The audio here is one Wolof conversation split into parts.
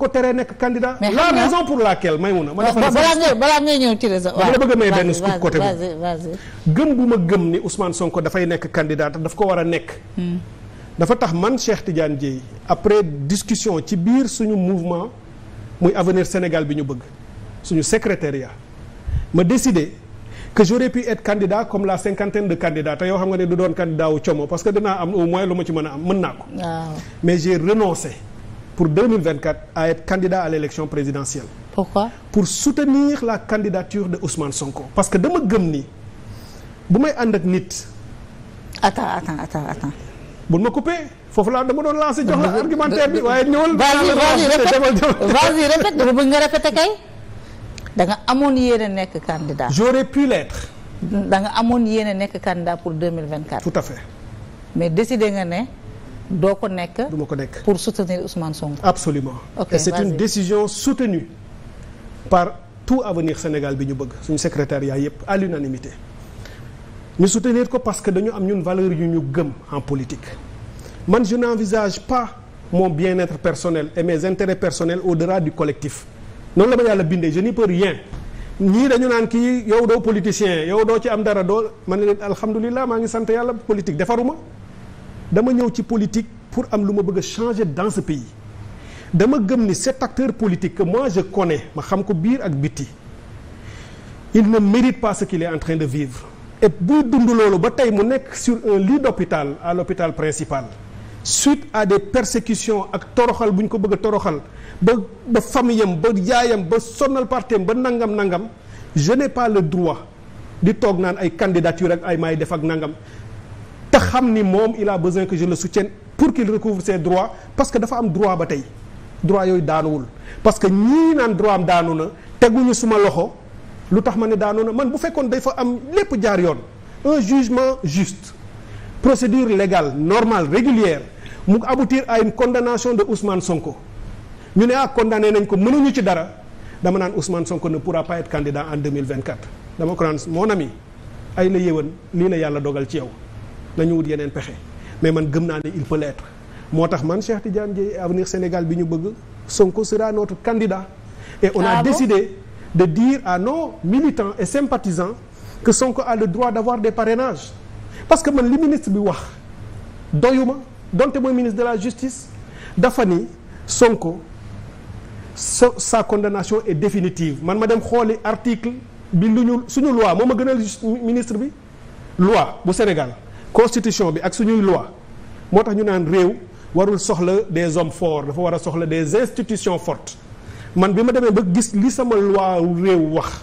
ko teree nekk candidat. mais la raison pour laquelle Maimouna. ma defal balaa ngay balaa ngay ñëw ci raison. waaw bëgg a may benn scoop côté bi gëm bu ma gëm ni Ousmane Sonko dafay nekk candidat daf ko war a nekk. Hmm. dafa tax man Cheikh Tidiane Dieye après discussion ci biir suñu mouvement muy avenir Sénégal bi ñu bëgg suñu secrétariat ma décidé que j'aurais pu être candidat comme la cinquantaine de candidats te yow xam nga ne du doon candidat wu como parce que dinaa am au moins lu ma ci mën a am mën naa ko. mais j'ai renoncé. pour 2024 à être candidat à l'élection présidentielle. Pourquoi? Pour soutenir la candidature de Ousmane Sonko. parce que dama gëm ni bu may ànd ak nit. attends attends attends attends. bu ma coupé foofu laa dama doon lancé jox la argumentaire bi waaye ñëwal. vas-y répète dama bëgg nga répété kay. da nga amoon yéene nekk candidat. j'aurais pu l'être. da nga amoon yéene nekk candidat pour 2024. tout à fait. mais décidé nga ne. doo ko nekk. du ko nekk pour soutenir Ousmane Sonko. absolument ok et c'est une décision soutenue par tout avenir Sénégal bi ñu bëgg suñu secrétariat yëpp à l'unanimité ñu soutenir ko parce que dañu am ñun valeur yu ñu gëm en politique man je n'envisage pas mon bien-être personnel et mes intérêts personnels au-delà du collectif noonu la ma yàlla bindee je n'y peux rien ñii dañu naan kii yow doo politicien yow doo ci am dara doo man ne alhamdulilah maa ngi sant yàlla politique defaruma dama ñëw ci politique pour am lu ma bëgg a changer dans ce pays dama gëm ni cet acteur politique que moi je connais ma xam ko biir ak biti il ne mérite pas ce qu'il est en train de vivre et buy dund loolu ba tey mu nekk sur un lit d'hôpital à l'hôpital principal suite à des persécutions ak toroxal bu ñu ko bëgg a toroxal ba ba famiyam ba yaayam ba sonnal partem ba nangam nangam je n'ai pas le droit di toog naan ay candidature ak ay maay def ak nangam te xam ni moom il a besoin que je le soutienne pour qu'il recouvre ses droits parce que dafa am droit ba tey droit yooyu daanuwul parce que ñii naan droit am daanu na teguñu suma loxo lu tax ma ne daanu na man bu fekkoon dafa am lépp jaar yoon un jugement juste procédure légale normale régulière mu aboutir à une condamnation de Ousmane Sonko ñu ne ah condamné nañ ko mënuñu ci dara dama naan Ousmane Sonko ne pourra pas être candidat en 2024 dama ko naan mon ami ay la yéwén lii la yàlla dogal ci yow nañu wut yeneen pexe mais man gëm naa ne il peut moo tax man Cheikh Tidiane Dièye avenir Sénégal bi ñu bëgg Sonko sera notre candidat et on a ah décidé de dire à nos militants et sympathisants que Sonko a le droit d'avoir des parrainages parce que man li ministre bi wax doyuma donte mooy ministre de la justice dafa ni Sonko sa sa condamnation et définitive man ma dem xooli article bi lu ñu suñu loi moo ma gënal ministre bi loi bu Sénégal constitution bi ak suñuy loi moo tax ñu naan réew warul soxla des hommes forts dafa war a soxla des institutions fortes man bi ma demee ba gis li sama loi réew wax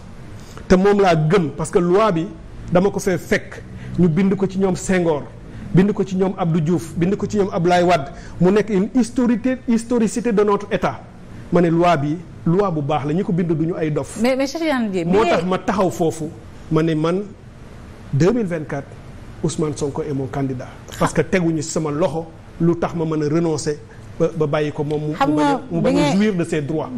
te moom laa gëm parce que loi bi dama ko fee fekk ñu bind ko ci ñoom Senghor bind ko ci ñoom ab Abdou Diouf bind ko ci ñoom Abdoulaye Wade mu nekk une historité historicité de notre état ma ne loi bi loi bu baax la ñu ko bind duñu ay dof. mais mais moo tax ma taxaw foofu ma ne man 2024. Ousmane Sonko est mon candidat. parce que teguñu sama loxo lu tax ma mën a renoncer ba bàyyi ko moom. mu mu bañ a jouir de ses droits.